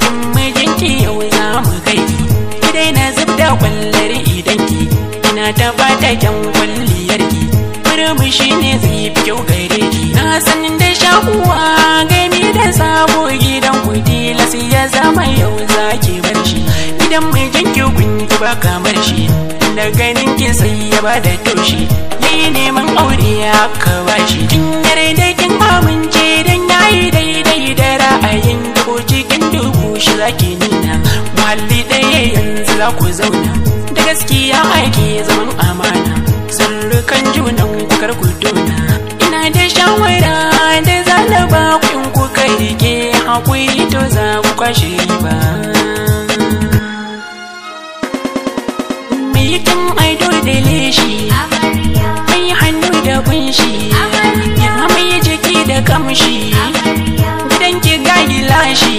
bakin mijinki yau za mu kai ki daina zubda kwallar idanki ina ta bata kyan kwalliyarki murmushi ne zai fi kyau gare ki na san da shakuwa gami da sabo gidan kudi lasi ya zama yau za ki bar shi idan mijinki kun ki ba kamar shi da ganin ki sai ya bada toshi yayi neman aure ya kawashi kin yarda kin amince za ki nuna muhalli ɗaya yanzu za ku zauna da gaskiya aiki zaman amana sarrukan junan kar ku tona ina da shawara da zalaba kun ku kai rike hakuri to za ku kwashe ba mai yakin aido da leshi mai hannu da kunshi ya mai jiki da kamshi gidan ki gilashi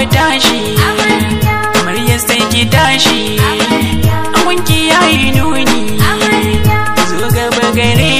mu tashi amarya sai ki tashi awanki yayi nuni zo gaba gare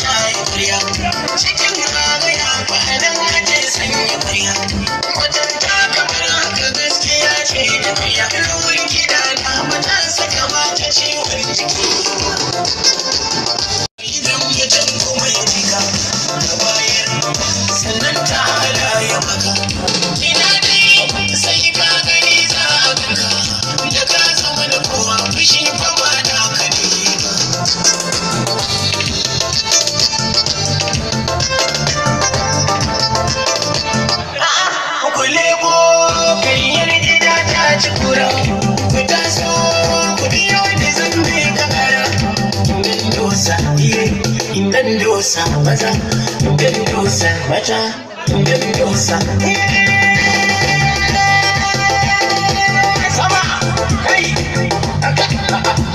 Bendosa, Maza, Bendosa, Maja, Bendosa. Sama, hey, okay.